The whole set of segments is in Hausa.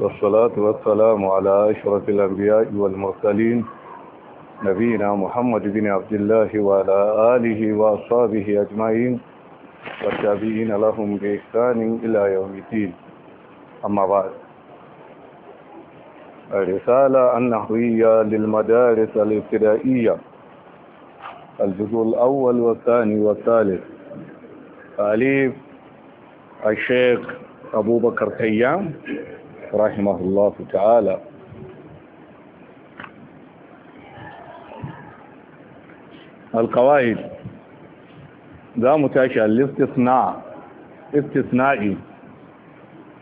والصلاة والسلام على أشرف الأنبياء والمرسلين نبينا محمد بن عبد الله وعلى آله وأصحابه أجمعين والتابعين لهم بإحسان إلى يوم الدين أما بعد الرسالة النحوية للمدارس الابتدائية الجزء الأول والثاني والثالث أليف الشيخ أبو بكر خيام رحمه Ta'ala تعالى القواعد ذا متاشى الاستثناء استثنائي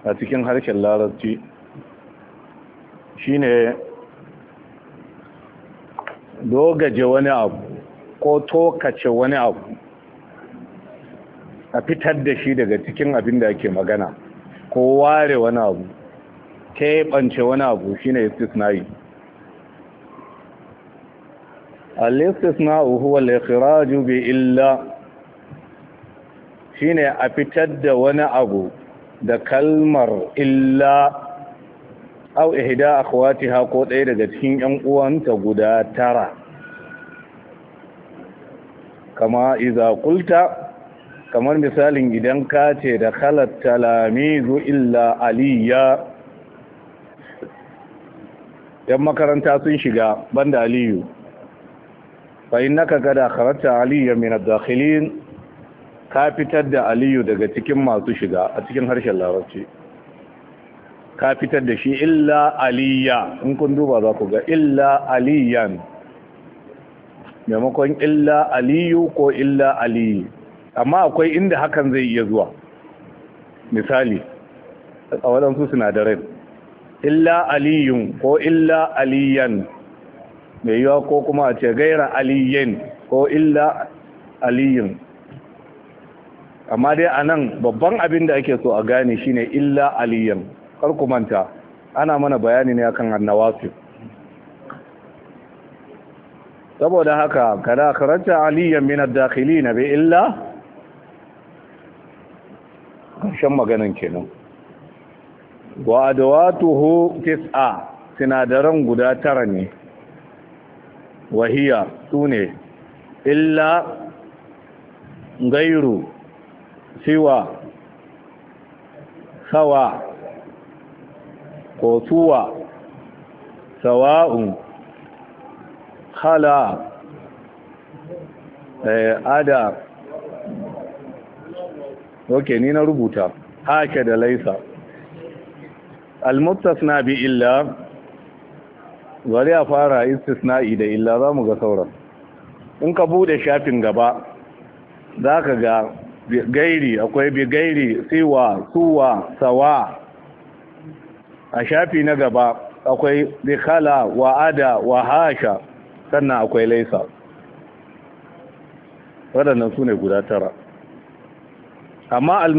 a cikin harshen larabci shine dogaje wani abu ko tokace wani abu a fitar da shi daga cikin abin da ake magana ko ware wani abu keɓance wani abu shi ne istisnai al-istisna'u huwa al-ikhraju bi illa shine a fitar da wani abu da kalmar illa au ihda akhwatiha ko ɗaya daga cikin ƴan uwanta guda tara kama iza qulta kamar misalin idan ka ce da khalat talamizu illa aliya yan makaranta sun shiga banda aliyu fa ga da karanta aliyu ya ad ka fitar da aliyu daga cikin masu shiga a cikin harshen larabci ka fitar da shi illa Aliyu, in kun duba za ku ga illa aliyan maimakon illa aliyu ko illa aliyu amma akwai inda hakan zai iya zuwa misali a waɗansu sinadarai illa aliyun ko illa aliyan mai yiwa ko kuma a ce gaira aliyin ko illa Aliyun, amma dai a nan babban abin da ake so a gane shine illa aliyan manta ana mana bayani ne akan annawafi saboda haka kada karanta aliyan min dakili na bai illa shan maganan kenan wa adawatuhu tis'a sinadaran guda tara ne wahiya sune illa gairu siwa sawa ko suwa sawa'un khala eh, ada ok ni na rubuta hake da laisa al bi illa bari a fara istisna'i da illa za mu ga sauran in ka bude shafin gaba za ka ga gairi akwai bi gairi siwa suwa sawa a shafi na gaba akwai bi wa'ada wa hasha sannan akwai laisa waɗannan su ne guda tara amma al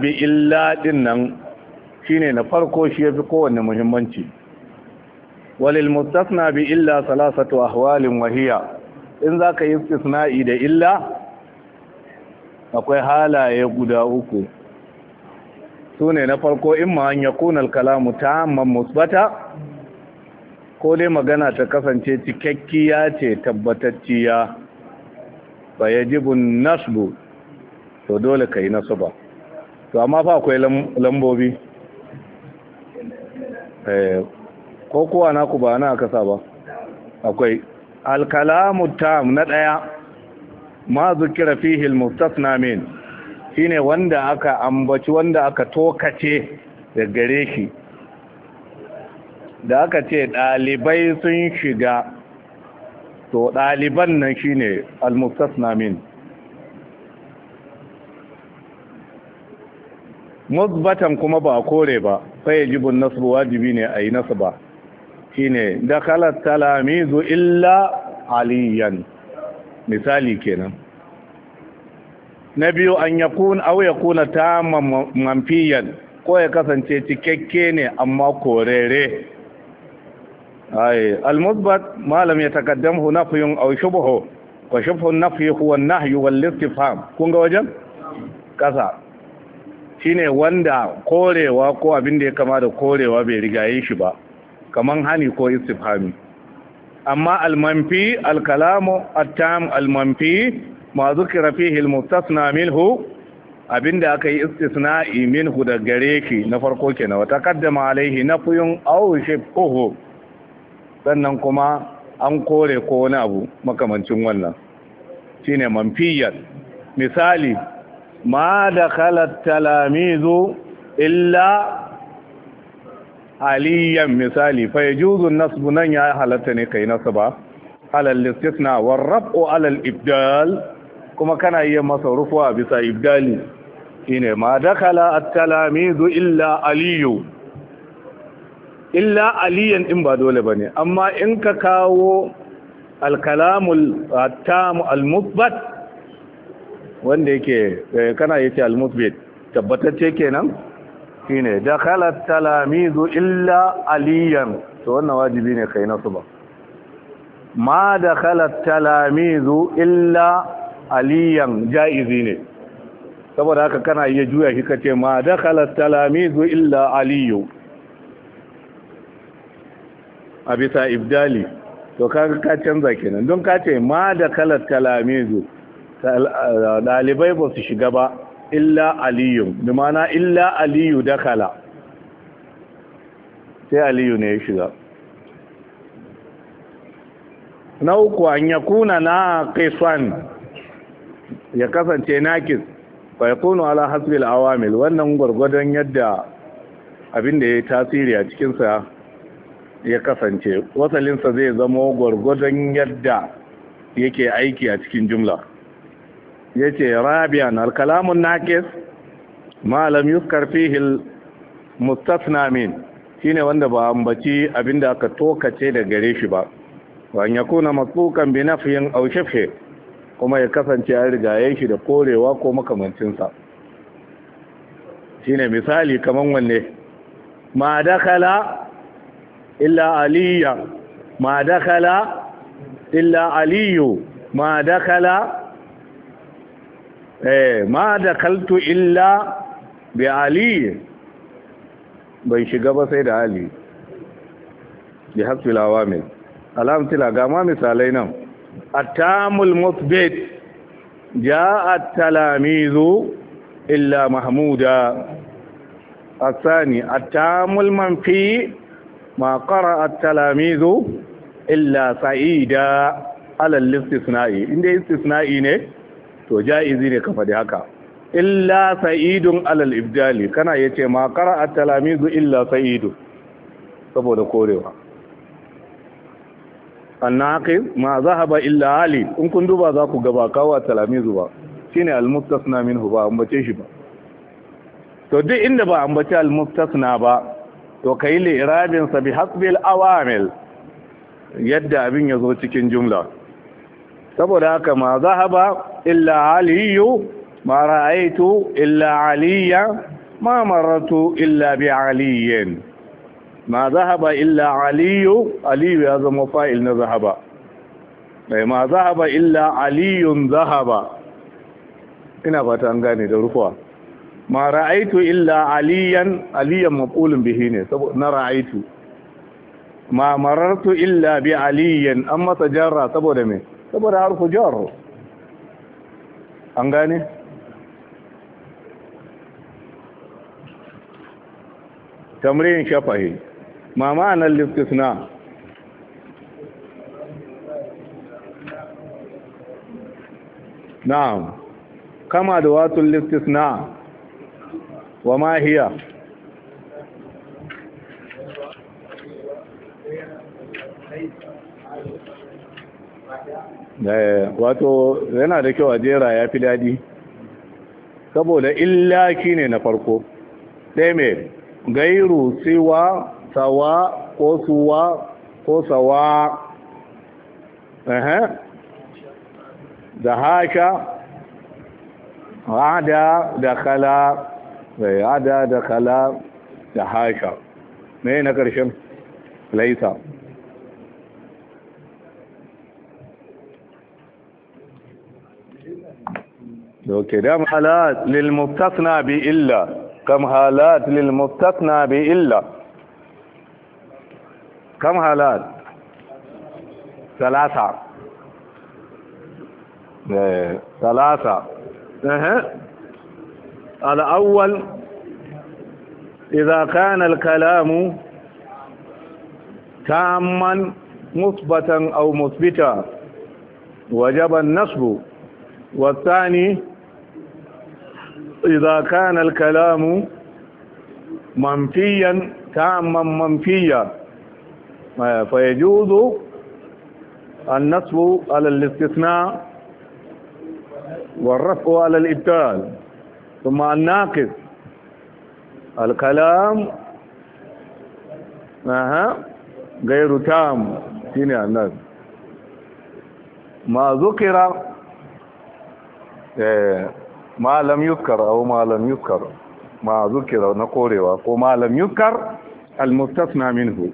bi illa ɗin shine na farko shi yafi kowanne muhimmanci walil mustasna bi illa salasatu ahwalin wahiya in zaka yi istisna'i da illa akwai halaye guda uku sune na farko in an yakuna al-kalamu tamman musbata ko dai magana ta kasance cikakkiya ce tabbatacciya fa yajibu nasbu to dole kai ba. to amma fa akwai lambobi Eh, ko kowa ku ba na aka sa ba akwai alkalamu tam na ɗaya ma zukira fihil mustasna min shine wanda aka ambaci wanda aka tokace da gare shi da aka ce ɗalibai sun shiga to ɗaliban nan shine al-mustasna min musbatan kuma ba kore ba fai jibin nasbu wajibi ne a yi ba. shi ne da dakalar talamizu illa aliyan misali kenan na biyu an ya kuna au ya kuna ta mamfiyan ko ya kasance cikakke ne amma korere al takardar malam ya takaddam hu aw shubhu wa shubhu an-nafyi huwa nahyu wal-istifham kun ga wajen kasa shine wanda korewa ko abin da ya kama da korewa bai rigaye shi ba kaman hani ko istifhami amma almanfi alkalamu attam almanfi ma zukira fihi almustasna minhu da aka yi istisna'i minhu da gare ki na farko kenan wata kaddama alaihi nafyun aw shibhu sannan kuma an kore ko wani abu makamancin wannan shine manfiyan misali ma da khalat illa aliyan misali fa yajuzu nasbu nan ya halatta ne kai ba. alal istisna war alal ibdal kuma kana iya masa rufuwa bisa ibdali shine ma dakala illa aliyu illa aliyan in ba dole bane amma in ka kawo alkalamul kalamul at al wanda yake eh, kana yake al-musbit tabbatacce kenan shine da khalat talamizu illa aliyan to wannan wajibi ne kai nasu ba ma da khalat talamizu illa aliyan jaizi ne saboda haka kana iya juya shi kace ma da khalat talamizu illa aliyu a bisa ibdali to kaga ka canza kenan don kace ma da kalar talamizu dalibai ba su shiga ba illa Aliyu. Dumana illa aliyu dakala sai aliyu ne ya shiga na uku an ya kuna na kaiswan ya kasance nakis ba ya kuna ala hasbil awamil wannan gwargwadon yadda abinda da ya yi tasiri a cikinsa ya kasance wasalinsa zai zama gwargwadon yadda yake aiki a cikin jumla yace rabian al naƙis naqis ma lam yuzkar fihi al min shine wanda ba ambaci abinda aka tokace da gare shi ba wa ya kuna matsukan bi nafyin aw kuma ya kasance a rigaye shi da korewa ko makamancin sa shine misali kaman wanne ma dakala illa aliyu ma dakala illa aliyu ma dakala eh ma da kaltu illa bi ali ban shiga ba sai da ali bi hafsil awamil alamtila ga ma misalai nan atamul musbit ja'a talamizu illa mahmuda الثاني التام المنفي ما قرأ التلاميذ إلا سعيدا على الاستثناء عند استثناء ne to ja'izi ne ka faɗi haka illa sa'idun alal ibdali kana yace ma qara'a talamizu illa sa'idu saboda korewa annaqib ma zahaba illa ali in kun duba za ku gaba kawa talamizu ba shine almustasna minhu ba ambace shi ba to duk inda ba ambace na ba to kai li lirabinsa sa bi hasbil awamil yadda abin ya zo cikin jumla saboda haka ma zahaba إلا علي ما رأيت إلا علي ما مررت إلا بعلي ما ذهب إلا علي علي هذا مفائل نذهب إيه، ما ذهب إلا علي ذهب إنا فتنقاني دورفوا ما رأيت إلا عليا عليا مقول بهين نرأيت ما مررت إلا بعليا أما تجارة تبو دمي تبو دعرف جاره an gane tamrin shafahi ma ma'anar na. Na, kama da watun na. wa ma Eh, wato yana da kyau a jera ya fi daɗi saboda illaki ne na farko sai mai gairu siwa sawa ko suwa ko sawa da haka ada da kala bai eh, da kala da haka mai na ƙarshen laisa اوكي دام حالات للمستثنى بإلا كم حالات للمستثنى بإلا كم حالات ثلاثة إيه، ثلاثة اه الأول إذا كان الكلام تاما مثبتا أو مثبتا وجب النصب والثاني إذا كان الكلام منفيا تاما منفيا آه، فيجوز النصب على الاستثناء والرفع على الابتال ثم الناقص الكلام أها غير تام شنو يعني الناس ما ذكر آه، ما لم يذكر أو ما لم يذكر ما ذكر نقول وما لم يذكر المستثنى منه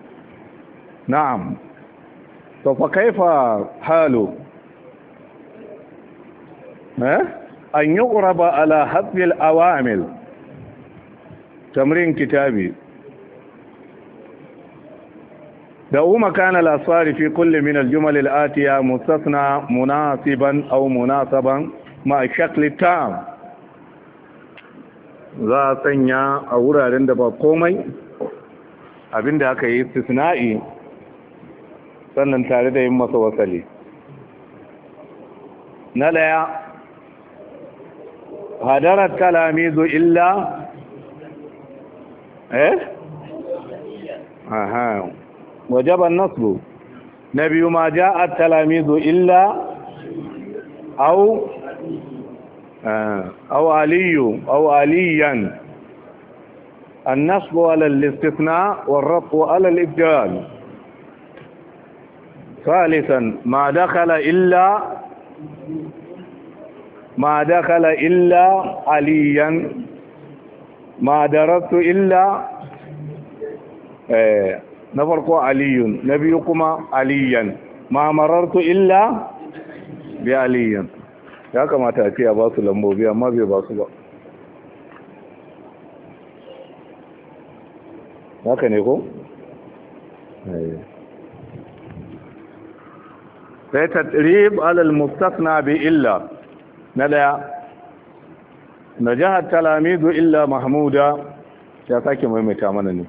نعم فكيف حاله ها؟ أن يغرب على حذف الأوامل تمرين كتابي دعو كان الأصفار في كل من الجمل الآتية مستثنى مناسبا أو مناسبا مع الشكل التام za a sanya a wuraren da ba komai abinda aka yi sisna'i sannan tare da yin masa wasali na daya hadarar zo illa eh aha wajaban nasu na biyu ma ja'at zo illa au آه، أو علي أو عليا النصب على الاستثناء والرفع على الإبدال ثالثا ما دخل إلا ما دخل إلا عليا ما درست إلا آه، نفرق علي نبيكما عليا ما مررت إلا بعلي ya kamata a ce ya ba su lambobi amma bai ba su ba haka ne ko? Eh. sai tatrib alal mustafna bi illa na daya na jihar talamizu illa mahmuda ya sake maimaita mana ne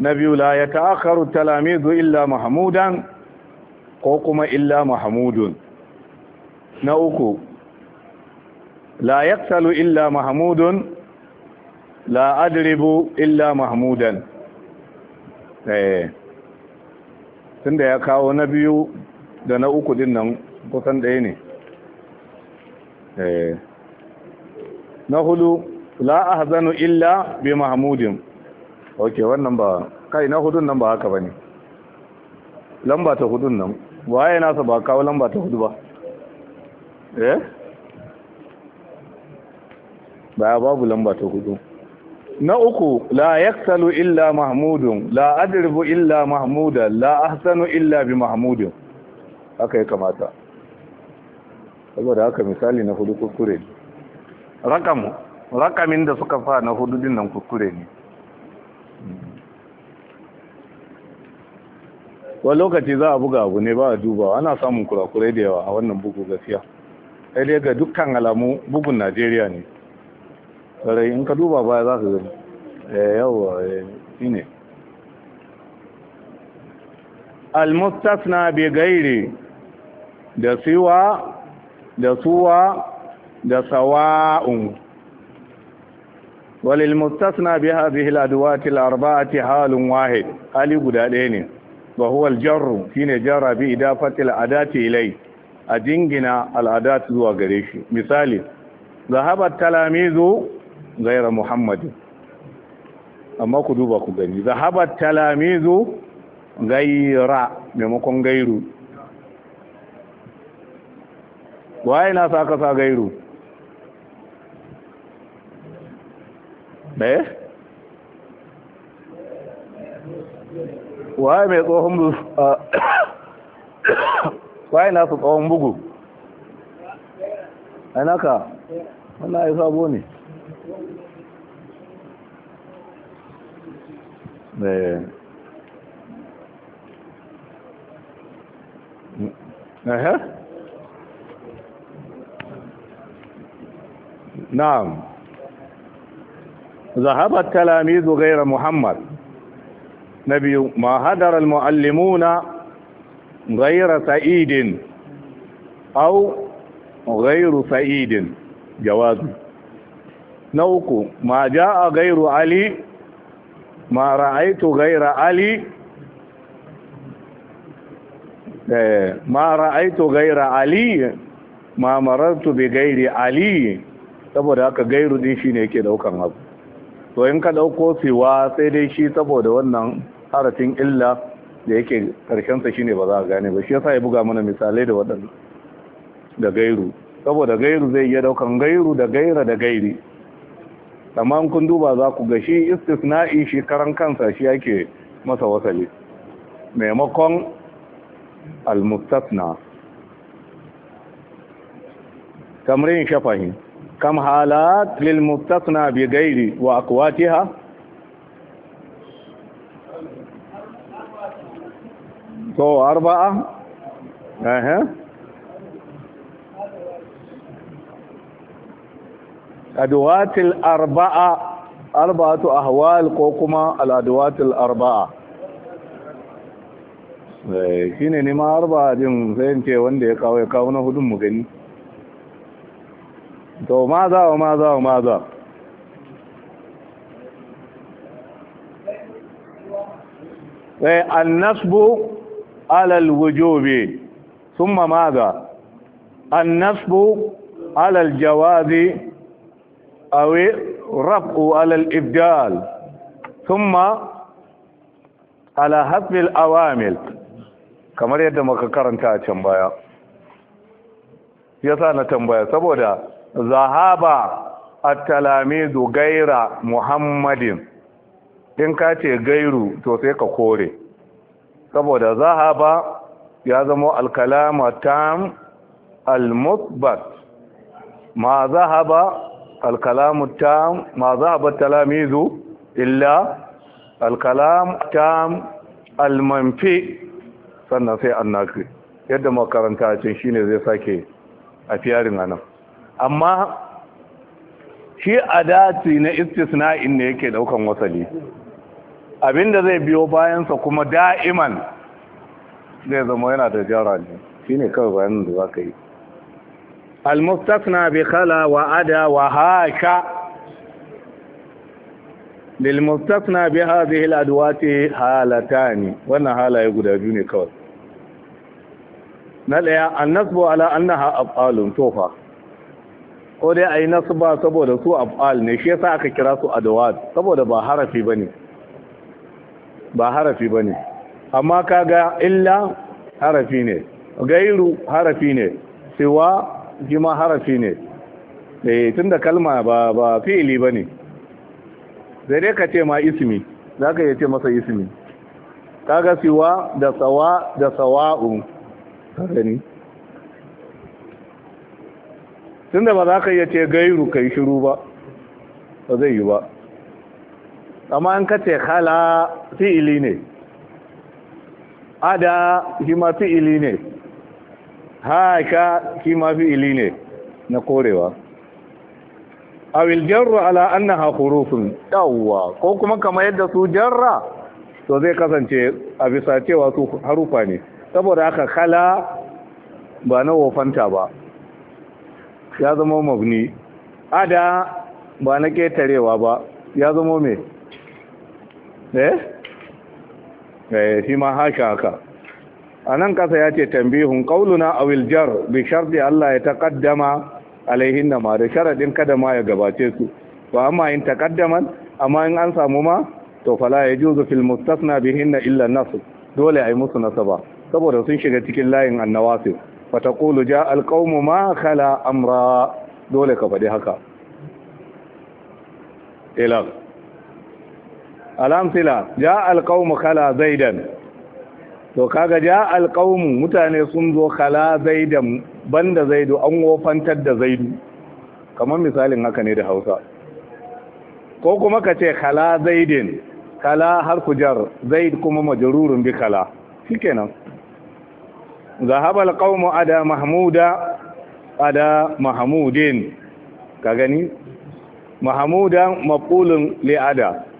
na biyu la ya ta ta'akaru talamizu illa mahmudan ko kuma illa mahmudun na uku la yaktalu illa mahmudun la adribu illa mahmudan eh tunda ya kawo na biyu da na uku din nan kusan ɗaya ne eh na hudu la ahzanu illa bi mahmudin okay wannan ba kai na hudun nan ba haka bane lamba ta hudun nan waye nasa ba kawo lamba ta hudu ba eh ba babu lamba ta hudu na uku la yaksalu illa mahmudun la adribu illa mahmuda la ahsanu illa bi mahmudin haka ya kamata saboda haka misali na hudu kuskure ne rakamu rakamin da suka fa na hudu din nan kuskure ne wani lokaci za a buga abu ne ba a duba ana samun kurakurai da yawa a wannan bugu gafiya sai ga dukkan alamu bugun najeriya ne tsarai in ka duba baya za su gani eh, yawa eh, shi ne almustasna bi gairi da siwa da suwa da sawa'un walil bai bi hadhihi al-adwati al-arba'ati halin wahid hali guda ɗaya ne ba huwal jarru shine jarra bi idafati al-adati ilai a jingina al'adat zuwa gare shi misali zahabar talamizu gaira Muhammadu, amma ku duba ku gani zahabar talamizu gaira maimakon gairu waye na sa kasa gairu ɗaya eh? waye mai tsohon ah, waye nasu tsawon bugu ai naka wannan ai sabo ne eh. Ehe? Na'am. Zahabar talamizu gaira Muhammad. Na biyu, ma hadar al-mu'allimuna ghaira sa'idin aw ghairu sa'idin jawazi na uku ma a gairu ali ma ra'aitu gaira ali ma ra'aitu gaira ali ma marartu bi gairi ali saboda haka gairu din shine yake daukan abu to in ka dauko siwa sai dai shi saboda wannan harafin illa da yake karshensa shine ba za a gane ba shi yasa ya buga mana misalai da waɗanda da gairu saboda gairu zai iya daukan gairu da gaira da gairi amma kun duba za ku ga shi istisna'i shi karan kansa shi yake masa wasali maimakon almustasna tamrin shafahi kam halat lil mustasna bi gairi wa aqwatiha to arba'a ehe adwatil arba'a arba'atu ahwal ko kuma al-adwatil arba'a eh shine ne ma arba'a din zan ce wanda ya kawo ya kawo na hudun mu gani to ma maza wa maza wa maza sai eh, annasbu alal wujubi ثم ماذا النصب alal jawazi أو رفع alal الإبدال ثم ala حسب الأوامل kamar yadda muka karanta a can baya yasa na tambaya saboda zahaba at-talamizu gaira muhammadin in ka ce gairu to sai ka kore saboda zahaba ya zama alkalama tam al mutbat ma zahaba alkalama tam ma zahaba talamizu illa alkalama tam al-manfi sannan sai annaki yadda makaranta cin shine zai sake a fiyarin anan amma shi a dati na istisna'in ne yake daukan wasali abinda zai biyo bayansa kuma da'iman zai zama yana da jara ne shi ne kawai bayanin da za ka yi almustasna bi kala wa ada wa hasha lilmustasna bi ce halata ne wannan halaye guda biyu ne kawai na daya annasbu ala annaha abalun tofa ko dai a yi nasu ba saboda su abal ne shi yasa aka kira su adawat saboda ba harafi ba ne. ba harafi ba ne amma kaga illa harafi ne gairu harafi ne siwa jima harafi ne eh, tun tunda kalma ba ba fi'ili bane zai dai ka ce ma ismi zaka iya ce masa ismi kaga siwa da sawa da sawa'u gani tunda ba za ka iya ce gairu ka yi shiru ba ba zai yi ba amma an kace khala fi'ili ne ada shi ma fi'ili ne haka shi ma fi'ili ne na korewa awil jarra ala annaha hurufun yawwa ko kuma kamar yadda su jarra to zai kasance a bisa cewa su harufa ne saboda haka khala ba na wofanta ba ya zama mabni ada ba na ketarewa ba ya zama mai Eh? eh shi ma haka haka a nan kasa ya ce tambihun ƙaununa a wiljar bi shardi Allah ya takaddama alaihin na ma da sharaɗin kada ma ya gabace su ba amma in takaddama amma in an samu ma to fala ya juzu fil mustasna bihin na illa nasu dole a yi musu nasaba saboda sun shiga cikin layin annawasi fa taqulu ja al qawmu ma khala amra dole ka faɗi haka ilan alamtila ja alqaumu khala zaidan to kaga ja alqaumu mutane sun zo khala zaidan banda zaidu an wofantar da zaidu kamar misalin haka ne da Hausa ko kuma ka ce khala zaidin kala har kujar zaid kuma majrurun bi kala shikenan zahabal qaumu ada mahmuda ada mahmudin ka gani mahmudan maqulun li ada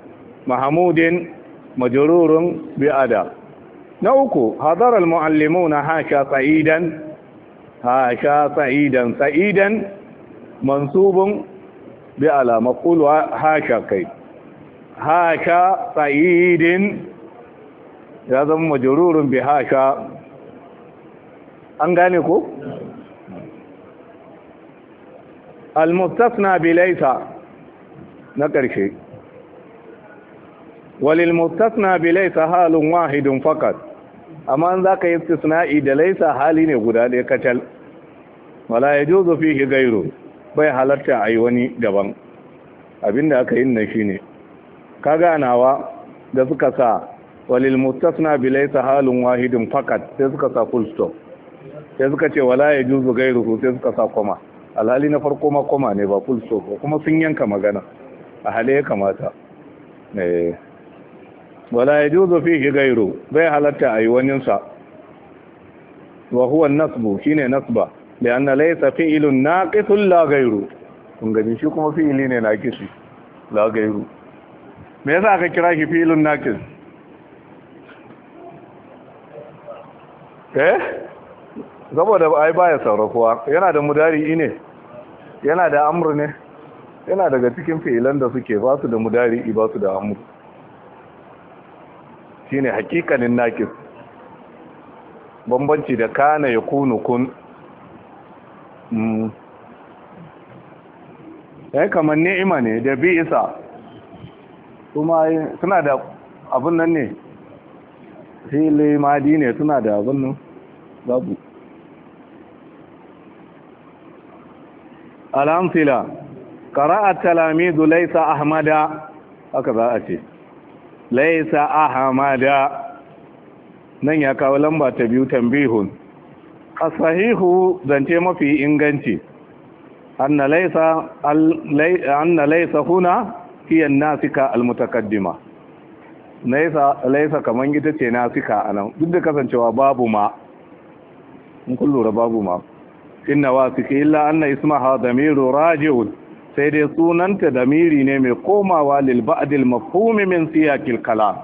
mahamudin majururun bi ada na uku hadar al na hasha sa'idan hasha sa'idan sa'idan mansubun bi ala maqul hasha kai hasha sa'idin ya zama majururun bi hasha an gane ku? al mustasna bi laisa na ƙarshe walil mustasna bi laysa halun wahidun faqat amma an zaka yi istisna'i da laysa hali ne guda ɗaya kacal wala yajuzu fihi ghayru bai halarta ayi wani daban abinda aka yi nan shine ka ganawa da suka sa walil mustasna bi laysa halun wahidun faqat sai suka sa full stop sai suka ce wala yajuzu ghayru sai suka sa koma alhali na farko ma koma ne ba full stop kuma sun yanka magana a hale ya kamata eh wala yajuzu fihi gairu bai halatta ayi wani sa wa huwa nasbu shine nasba lianna laysa fi'ilun naqithun la ghayru kun gani shi kuma fi'ili ne naqisi la ghayru me yasa aka kira shi na naqis eh saboda ai baya sarrafuwa yana da mudari ne yana da amru ne yana daga cikin fi'ilan da suke ba su da mudari ba su da amru shine hakikanin nakis bambanci da kana ya kunu kun ya mm. eh, kamar ni'ima ne da bi isa kuma suna da abin nan ne fili madi ne suna da abin nan babu alhamfila ƙara'ar talamizu laisa ahmada haka za a ce laisa ahamada nan ya kawo lamba ta biyu tambihun asahihu zance mafi inganci anna laisa anna laisa huna hiya nasika almutakaddima laisa laisa kaman ita ce nasika anan duk da kasancewa babu ma in kun babu ma inna wasiki illa anna ismaha damiru raji'un sai dai sunanta damiri ne mai komawa lil ba'dil mafhumi min siyaqil kalam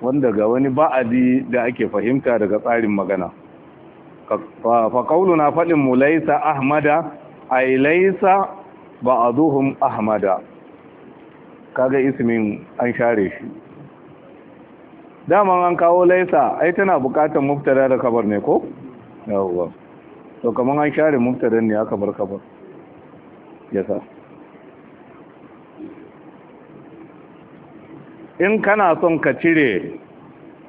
wanda ga wani ba'adi da ake fahimta daga tsarin magana fa qauluna fadin mu laysa ahmada ay laysa ba'duhum ahmada kaga ismin an share shi dama an kawo laysa ai tana bukatar muftara da kabar ne ko yawwa to kaman an share muftaran ne aka bar kabar yasa in kana son ka cire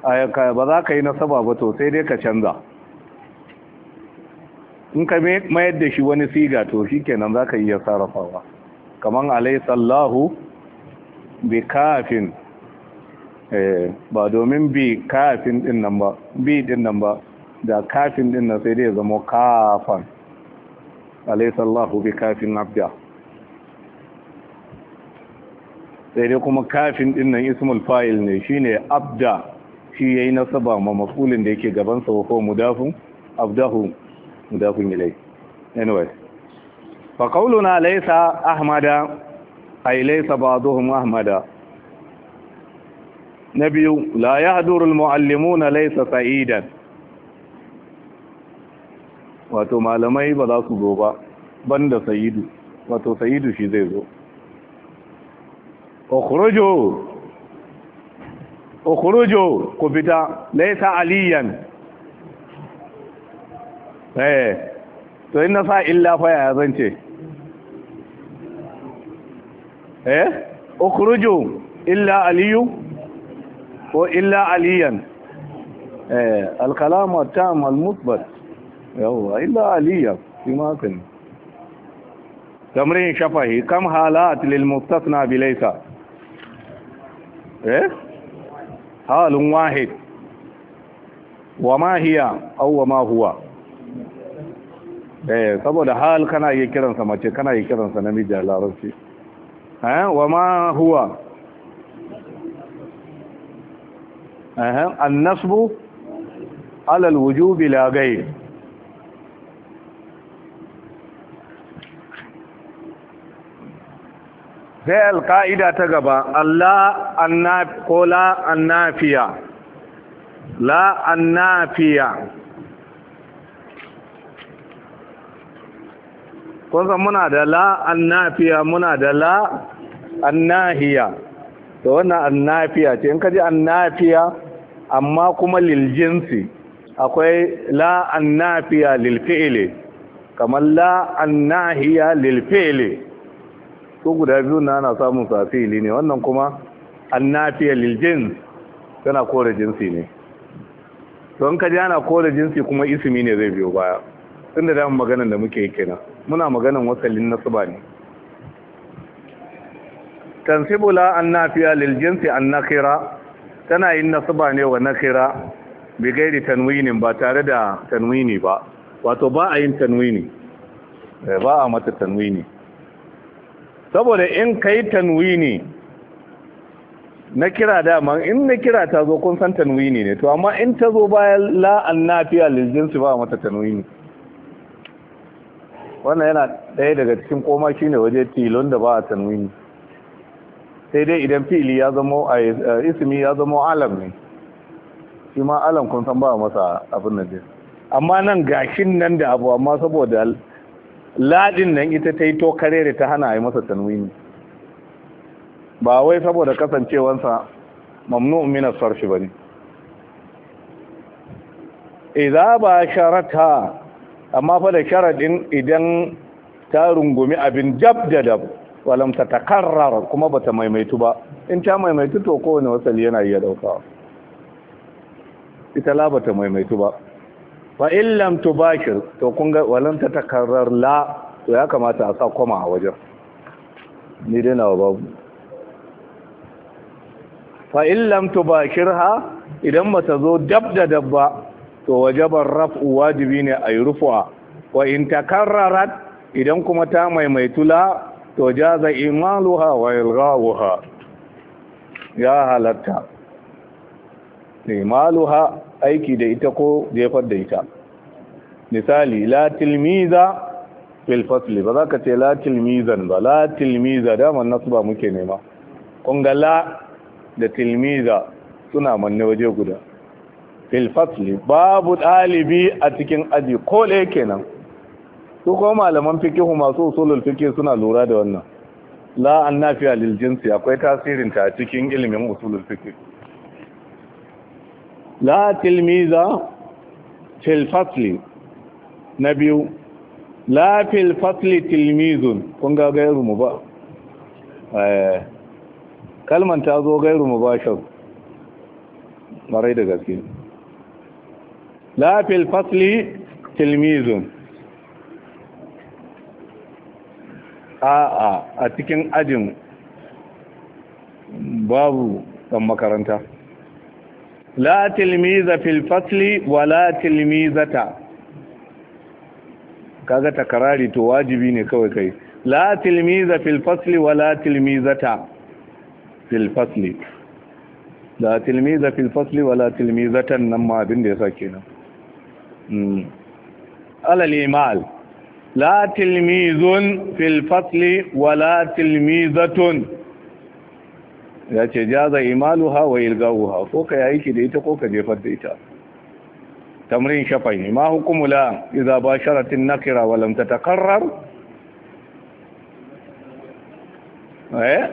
ba za ka yi nasaba ba to sai dai ka canza in ka mayar da shi wani siga to shi kenan za ka iya sarrafawa kamar alaisallahu bi kafin eh, ba domin bi kafin din nan ba bi din nan ba da kafin din nan sai dai zama kafan alaysa Allahu kafin abda sai dai kuma kafin din nan ismul fa'il ne shine abda shi yayi nasaba ma maf'ulin da yake gaban sa ko mudafun abdahu mudafun ilay anyway fa qawluna laysa ahmada ay laysa ba'dhum ahmada nabiyu la yahduru al muallimuna laysa sa'idan wato malamai ba za su zo ba banda sayidu wato sayidu shi zai zo ukhrujo ukhrujo ku fita laisa aliyan eh to ina sa illa fa ya zance eh ukhrujo illa aliyu ko illa aliyan eh al-kalamu tam al-musbat yawwa illa aliyya shi ma haka ne tamrin shafahi kam halat lil mustasna laysa eh halun wahid wa ma hiya aw wa ma huwa eh saboda hal kana yi kiransa mace kana yi kiransa namiji a larabci eh wa ma huwa eh an nasbu ala al wujubi la ghayr sai alƙa'ida ta gaba Allah ko la annafiya la annafiya kunsa muna da la annafiya muna da la annahiya to wannan annafiya ce in ka ji annafiya amma kuma liljinsi akwai la annafiya lilfi'ile kamar la annahiya lilfi'ile su guda biyu na ana samun safi ili ne wannan kuma an nafiya liljin tana kore jinsi ne don ka ji ana kore jinsi kuma isimi ne zai biyo baya tun da damar maganan da muke yi kenan muna maganan wasalin nasuba ne tansibula an annafiya lil an annakira tana yin nasuba ne wa nakira bi gairi tanwinin ba tare da tanwini ba wato ba a yin tanwini eh, ba a mata tanwini saboda in ka yi tanwini na kira dama in na kira ta zo kun san tanwini ne to amma in ta zo bayan la'an nafiya su ba mata tanwini wannan yana ɗaya daga cikin koma shi ne waje tilon da ba a tanwini sai dai idan fili ya zama a ismi ya zama alam ne shi ma alam kun san ba masa abin nan amma nan gashin nan da abu amma saboda ladin nan ita ta yi to karere ta hana a yi masa tanwini ba wai saboda kasancewansa mamnu'un min as-sarf bane idza ba sharata amma fa da sharadin idan ta rungumi abin jab da dab walam ta takarrar kuma bata maimaitu ba in ta maimaitu to kowane wasali yana iya dauka ita la bata maimaitu ba fa in lam tubashir to kun ga walam ta takarrar la to ya kamata a sa koma a wajen ni dai nawa babu fa in lam tubashirha idan bata zo dab da dabba to wajabar raf'u wajibi ne ayi rufuwa. wa in takarrarat idan kuma ta la to jaza imaluha wa ilgawuha ya halatta imaluha aiki da ita ko jefar da ita misali la tilmiza fil fasli ba za ka ce la tilmizan ba la tilmiza daman nasu ba muke nema Ƙungala da tilmiza suna manne waje guda fil fasli babu ɗalibi a cikin aji ko ɗaya kenan su kuma malaman fikihu masu usulul fikih suna lura da wannan la annafiya lil jinsi akwai tasirin ta cikin ilimin usulul fikih la tilmiza fil fasli na biyu la fil fasli tilmizun kun ga gairu mu ba kalman ta zo gairu mu ba shan marai da gaske la fil fasli tilmizun a'a a cikin ajin babu dan makaranta la tilmiza fil fasli wa la tilmizata kaga takarari to wajibi ne kawai kai la tilmiza fil fasli wa la tilmizata fil fasli la tilmiza fil fasli wa la tilmizatan nan ma abin da yasa kenan mm alal imal la tilmizun fil fasli wa la tilmizatun ya ce jaza imaluha wa ilgawuha ko ka yi ki da ita ko ka jefar da ita tamrin shafai ma hukumu la idza basharatin nakira wa lam tatakarrar eh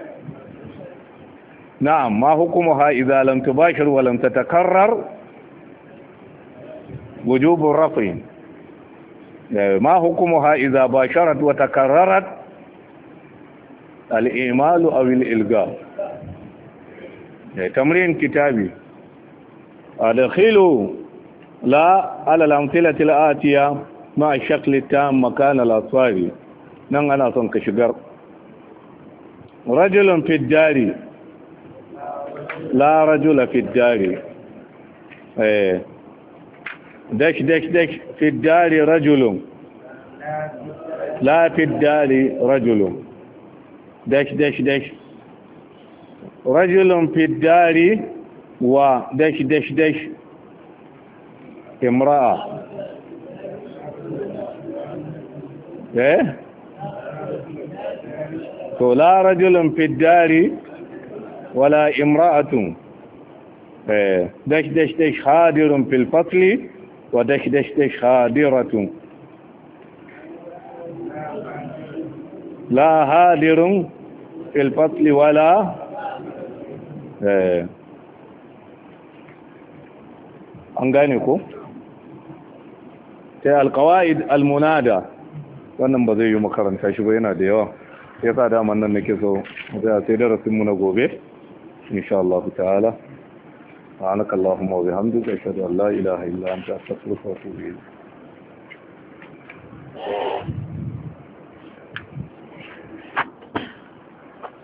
na'am ma hukumuha idza lam tubashir wa lam tatakarrar wujubu rafin eh, ma hukumuha idza basharat wa takarrarat al-imalu aw al-ilgaw Eh, tamrin kitabi adkhilu la ala al-amthilati al-atiya ma shakli tam makan al-asfari nan ana son ka shigar rajulun fi la rajula fi dari eh, rajulun la fi rajulun رجل في الدار و دش دش دش امرأة م ر ايه لا رجل في الدار ولا امرأة إيه؟ دش دش دش حاضر في الفصل و دش دش دش ح لا هادر في الفصل ولا Eh. an gane ko sai alkawa'id almunada wannan ba zai yi makaranta shi ba yana da yawa ya sa daman nan nake so zai sai darasinmu na gobe insha Allah ta'ala سبحانك اللهم وبحمدك اشهد ان لا اله الا انت استغفرك واتوب اليك